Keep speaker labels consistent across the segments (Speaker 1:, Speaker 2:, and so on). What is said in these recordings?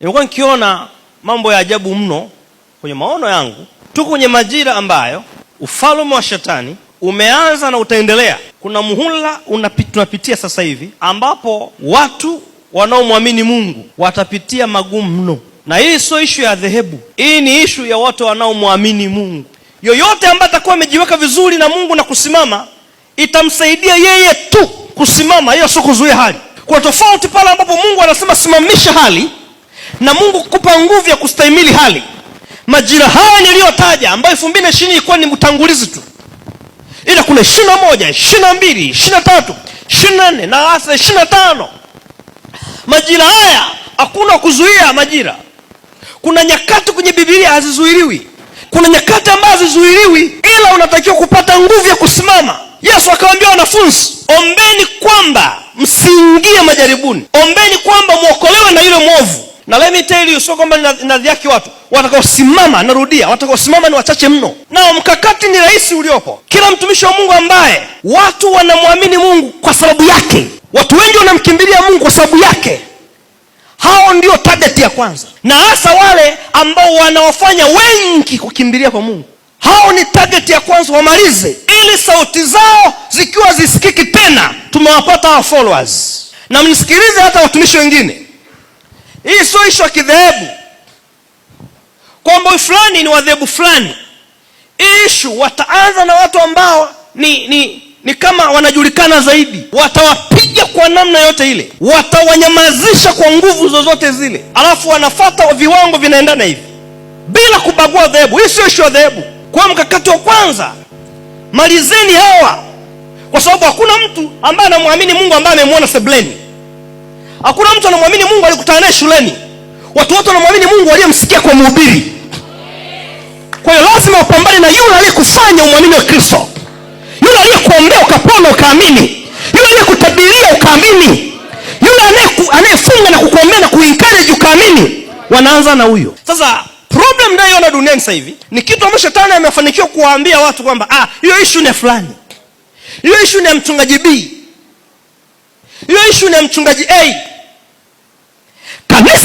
Speaker 1: Nilikuwa nikiona mambo ya ajabu mno kwenye maono yangu. tu kwenye majira ambayo ufalme wa shetani umeanza na utaendelea. Kuna muhula tunapitia sasa hivi ambapo watu wanaomwamini Mungu watapitia magumu mno, na hii sio ishu ya dhehebu, hii ni ishu ya watu wanaomwamini Mungu. Yoyote ambaye atakuwa amejiweka vizuri na Mungu na kusimama, itamsaidia yeye tu kusimama, hiyo sio kuzuia hali. Kuna tofauti pale ambapo Mungu anasema simamisha hali na Mungu kukupa nguvu ya kustahimili hali. Majira haya niliyotaja, ambayo elfu mbili na ishirini ilikuwa ni mtangulizi tu, ila kuna ishirini na moja, ishirini na mbili, ishirini tatu, ishirini nne na hasa ishirini tano. Majira haya hakuna kuzuia majira. Kuna nyakati kwenye Biblia hazizuiliwi, kuna nyakati ambazo hazizuiliwi, ila unatakiwa kupata nguvu ya kusimama. Yesu akawaambia wanafunzi, ombeni kwamba msiingie majaribuni, ombeni kwamba mwokolewe na yule mwovu na let me tell you, sio kwamba ninadhiaki watu watakaosimama. Narudia, watakaosimama ni wachache mno, nao mkakati ni rahisi uliopo. Kila mtumishi wa Mungu ambaye watu wanamwamini Mungu kwa sababu yake, watu wengi wanamkimbilia Mungu kwa sababu yake, hao ndio target ya kwanza, na hasa wale ambao wanawafanya wengi kukimbilia kwa Mungu, hao ni target ya kwanza, wamalize, ili sauti zao zikiwa zisikiki tena, tumewapata hawa followers. Na mnisikilize hata watumishi wengine hii sio ishu ya kidhehebu kwamba fulani ni wadhehebu fulani. ishu wataanza na watu ambao ni, ni, ni kama wanajulikana zaidi, watawapiga kwa namna yote ile, watawanyamazisha kwa nguvu zozote zile, alafu wanafata viwango vinaendana hivi bila kubagua dhehebu. Hii sio ishu ya dhehebu. Kwa mkakati wa kwanza, malizeni hawa, kwa sababu hakuna mtu ambaye anamwamini Mungu ambaye amemwona sebleni. Hakuna mtu anamwamini Mungu alikutana naye shuleni. Watu wote wanamwamini Mungu aliyemsikia kwa mhubiri. Kwa hiyo lazima upambane na yule aliyekufanya umwamini wa Kristo, yule aliyekuombea ukapona ukaamini, yule aliyekutabiria ukaamini, yule anayefunga na kukuombea na kuencourage ukaamini. Wanaanza na huyo. Sasa problem nayoona duniani sasa hivi ni kitu ambacho shetani amefanikiwa kuwaambia watu kwamba ah, hiyo issue ni fulani, hiyo issue ni ya mchungaji B, hiyo issue ni ya mchungaji A.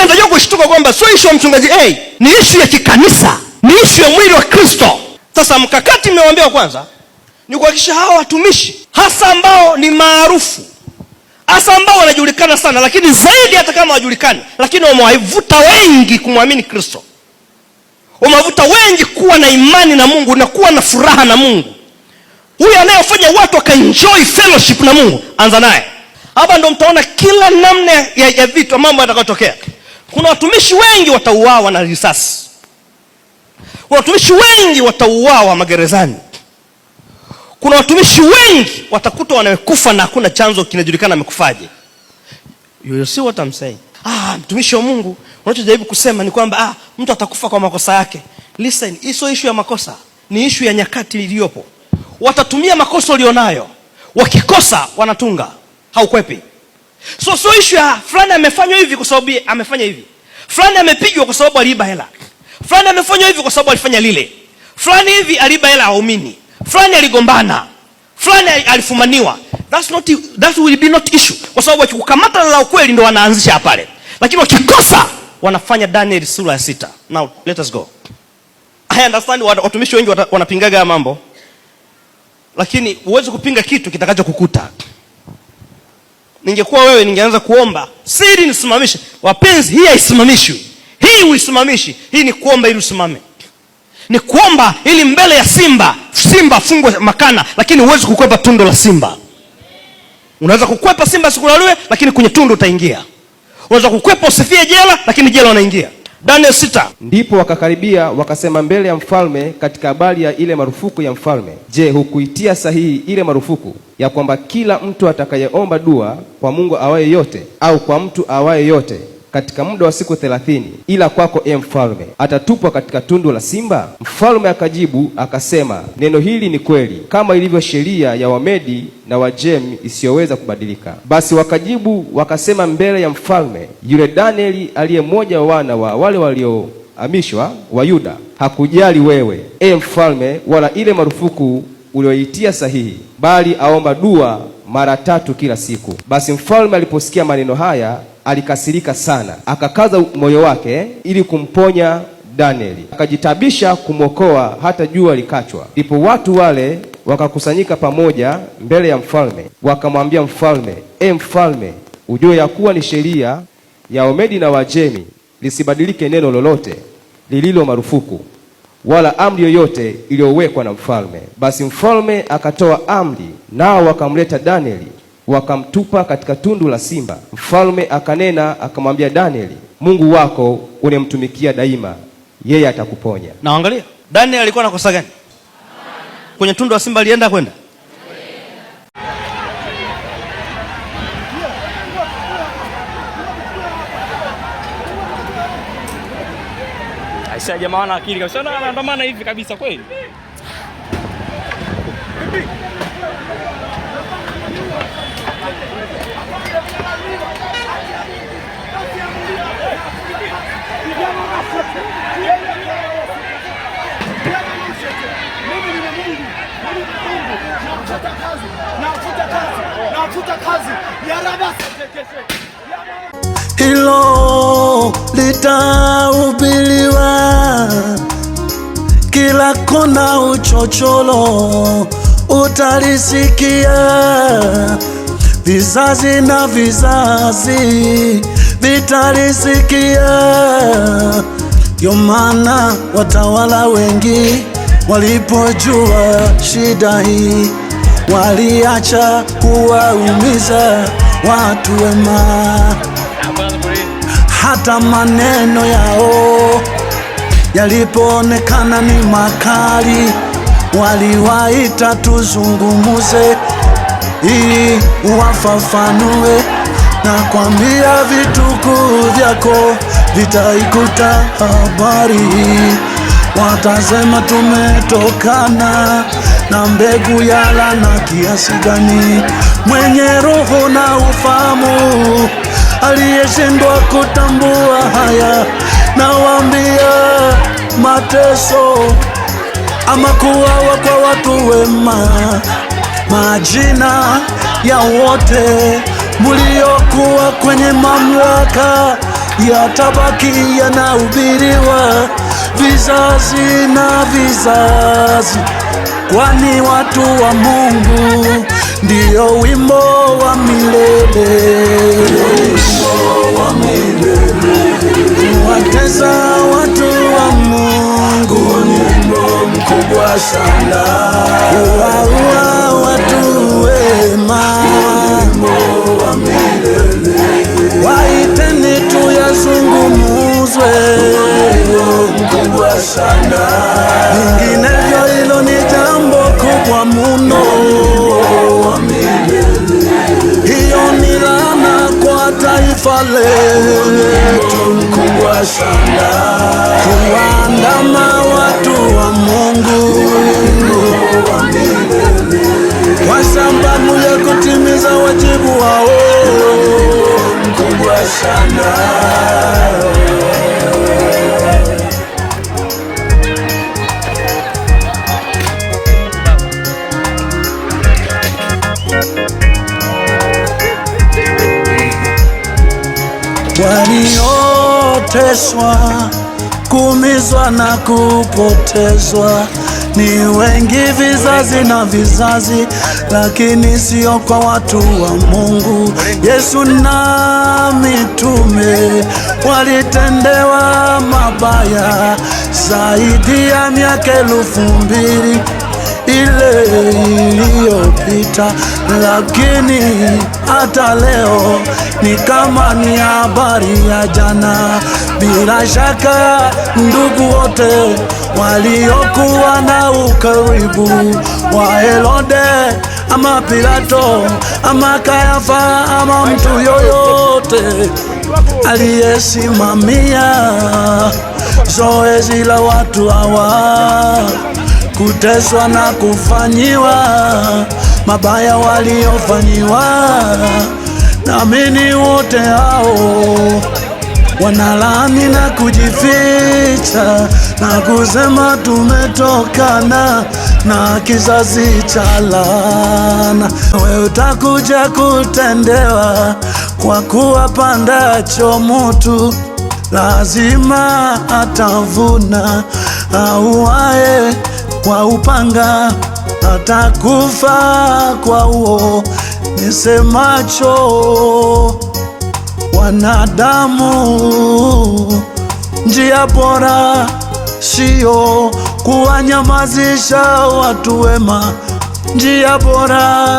Speaker 1: Sasa ndio kushtuka kwamba sio issue ya mchungaji A, hey, ni issue ya kikanisa, ni issue ya mwili wa Kristo. Sasa mkakati mmewaambia kwanza ni kuhakikisha hawa watumishi hasa ambao ni maarufu hasa ambao wanajulikana sana, lakini zaidi hata kama wajulikani, lakini wamewavuta wengi kumwamini Kristo, wamewavuta wengi kuwa na imani na Mungu na kuwa na furaha na Mungu. Huyu anayefanya watu wakaenjoy fellowship na Mungu, anza naye hapa. Ndo mtaona kila namna ya, ya vitu mambo yatakayotokea. Kuna watumishi wengi watauawa na risasi, kuna watumishi wengi watauawa magerezani, kuna watumishi wengi watakuta wanakufa na hakuna chanzo kinajulikana amekufaje. You see what I'm saying? Ah, mtumishi wa Mungu, unachojaribu kusema ni kwamba ah, mtu atakufa kwa makosa yake. Listen, hiyo ishu ya makosa ni ishu ya nyakati iliyopo. Watatumia makosa ulionayo, wakikosa wanatunga, haukwepi. So so issue ya ah, fulani amefanywa hivi kwa sababu amefanya hivi, fulani amepigwa kwa sababu aliiba hela, fulani amefanywa hivi kwa sababu alifanya lile, fulani hivi aliiba hela waumini, fulani aligombana, fulani alifumaniwa. That's not, that will be not issue, kwa sababu wakikukamata la ukweli ndio wanaanzisha pale, lakini wakikosa wanafanya Daniel sura ya sita. Now let us go. I understand watumishi wengi wanapingaga mambo, lakini huwezi kupinga kitu kitakachokukuta ningekuwa wewe ningeanza kuomba siri nisimamishe. Wapenzi, hii haisimamishwi, hii uisimamishi. Hii ni kuomba ili usimame, ni kuomba ili mbele ya simba, simba afungwe makana, lakini huwezi kukwepa tundo la simba. Unaweza kukwepa simba sikulaluwe, lakini kwenye tundo utaingia. Unaweza kukwepa usifie jela, lakini jela unaingia. Daniel sita.
Speaker 2: Ndipo wakakaribia wakasema mbele ya mfalme katika habari ya ile marufuku ya mfalme. Je, hukuitia sahihi ile marufuku ya kwamba kila mtu atakayeomba dua kwa Mungu awaye yote au kwa mtu awaye yote katika muda wa siku thelathini, ila kwako e mfalme atatupwa katika tundu la simba? Mfalme akajibu akasema, neno hili ni kweli, kama ilivyo sheria ya Wamedi na Wajemi isiyoweza kubadilika. Basi wakajibu wakasema mbele ya mfalme, yule Danieli aliye mmoja wa wana wa wale walio amishwa wa Yuda hakujali wewe, e mfalme, wala ile marufuku uliyoitia sahihi, bali aomba dua mara tatu kila siku. Basi mfalme aliposikia maneno haya alikasirika sana, akakaza moyo wake ili kumponya Danieli, akajitabisha kumwokoa hata jua likachwa. Ndipo watu wale wakakusanyika pamoja mbele ya mfalme, wakamwambia mfalme, e mfalme, ujue ya kuwa ni sheria ya Omedi na Wajemi lisibadilike neno lolote lililo marufuku wala amri yoyote iliyowekwa na mfalme. Basi mfalme akatoa amri, nao wakamleta Danieli wakamtupa katika tundu la simba. Mfalme akanena akamwambia Danieli, Mungu wako unemtumikia daima, yeye atakuponya.
Speaker 1: Na angalia, Danieli alikuwa anakosa gani? Kwenye tundu la simba alienda kwenda aisha, jamaa ana akili kabisa, anaandamana hivi kabisa kweli.
Speaker 3: nawafuta kazi, nawafuta kazi, kazi. Hilo litahubiriwa kila kona, uchocholo utalisikia, vizazi na vizazi vitalisikia. yomana watawala wengi walipojua shida hii waliacha kuwaumiza watu wema, hata maneno yao yalipoonekana ni makali, waliwaita tuzungumuze ili wafafanue na kwambia, vituko vyako vitaikuta habari watasema tumetokana na mbegu ya laana kiasi gani. Mwenye roho na ufahamu, aliyeshindwa kutambua haya, nawaambia mateso ama kuwawa kwa watu wema, majina ya wote muliokuwa kwenye mamlaka yatabaki yanahubiriwa vizazi na vizazi, kwani watu wa Mungu ndio wimbo wa milele, wateza watu wa Mungu,
Speaker 4: wimbo mkubwa sana
Speaker 3: kuwaandama watu wa Mungu kwa sababu ya kutimiza wajibu wao
Speaker 4: mkubwa sana.
Speaker 3: walioteswa, kumizwa na kupotezwa ni wengi vizazi na vizazi, lakini sio kwa watu wa Mungu. Yesu na mitume walitendewa mabaya zaidi ya miaka elfu mbili ile iliyopita, lakini hata leo ni kama ni habari ya jana. Bila shaka ndugu wote waliokuwa na ukaribu wa Herode ama Pilato ama Kayafa ama mtu yoyote aliyesimamia zoezi la watu hawa kuteswa na kufanyiwa mabaya waliofanyiwa namini, wote hao wanalani na kujificha na kusema tumetokana na kizazi cha laana. Wewe utakuja kutendewa kwa kuwa pandacho mutu lazima atavuna, auae kwa upanga, atakufa kwa uo nisemacho. Wanadamu, njia bora sio kuwanyamazisha watu wema, njia bora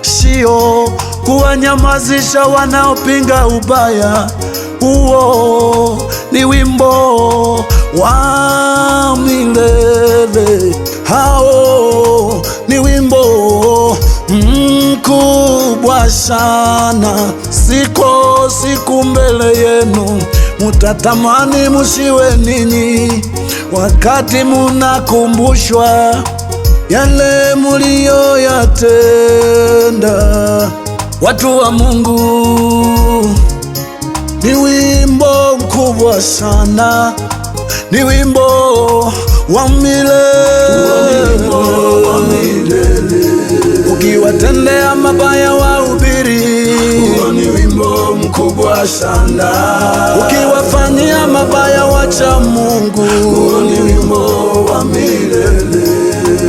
Speaker 3: sio kuwanyamazisha wanaopinga ubaya. Huo ni wimbo wa milele. Hao ni wimbo mkubwa sana, siko siku mbele yenu mutatamani mushiwe ninyi, wakati munakumbushwa yale muliyoyatenda. Watu wa Mungu, ni wimbo mkubwa sana ni wimbo wa milele, ukiwatendea mabaya wahubiri,
Speaker 4: ni wimbo mkubwa sana,
Speaker 3: ukiwafanyia mabaya wacha Mungu,
Speaker 4: ni wimbo wa milele,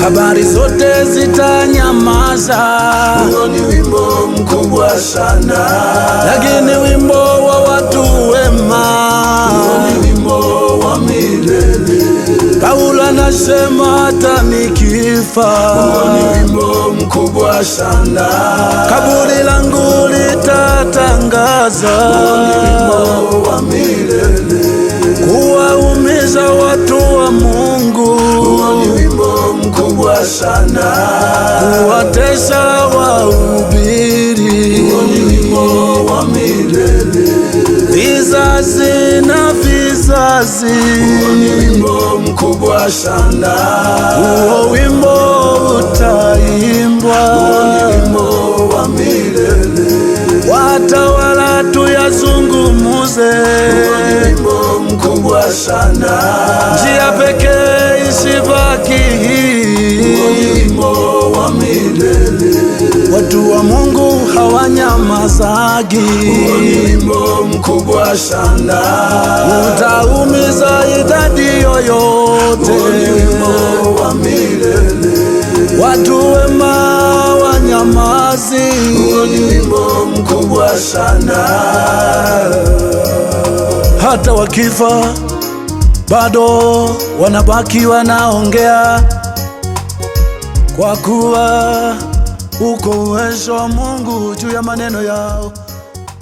Speaker 3: habari zote zitanyamaza,
Speaker 4: ni wimbo mkubwa sana,
Speaker 3: lakini wimbo Nasema hata nikifa,
Speaker 4: wimbo mkubwa sana,
Speaker 3: kaburi langu litatangaza kuwaumiza watu wa Mungu,
Speaker 4: kuwatesa
Speaker 3: wahubiri vizazi na kizazi.
Speaker 4: Huo ni wimbo mkubwa
Speaker 3: wimbo utaimbwa,
Speaker 4: ni wimbo wa milele.
Speaker 3: Watawala tuyazungumuze, huo
Speaker 4: ni wimbo mkubwa
Speaker 3: njia pekee ishibaki hii zagi. Huo
Speaker 4: wimbo mkubwa sana,
Speaker 3: utaumiza idadi yoyote. Huo
Speaker 4: wimbo wa milele,
Speaker 3: watu wema wanyamazi.
Speaker 4: Huo wimbo mkubwa sana,
Speaker 3: hata wakifa bado wanabaki wanaongea kwa kuwa uko uwezo wa Mungu juu ya maneno yao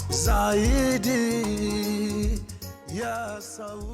Speaker 3: zaidi ya yes.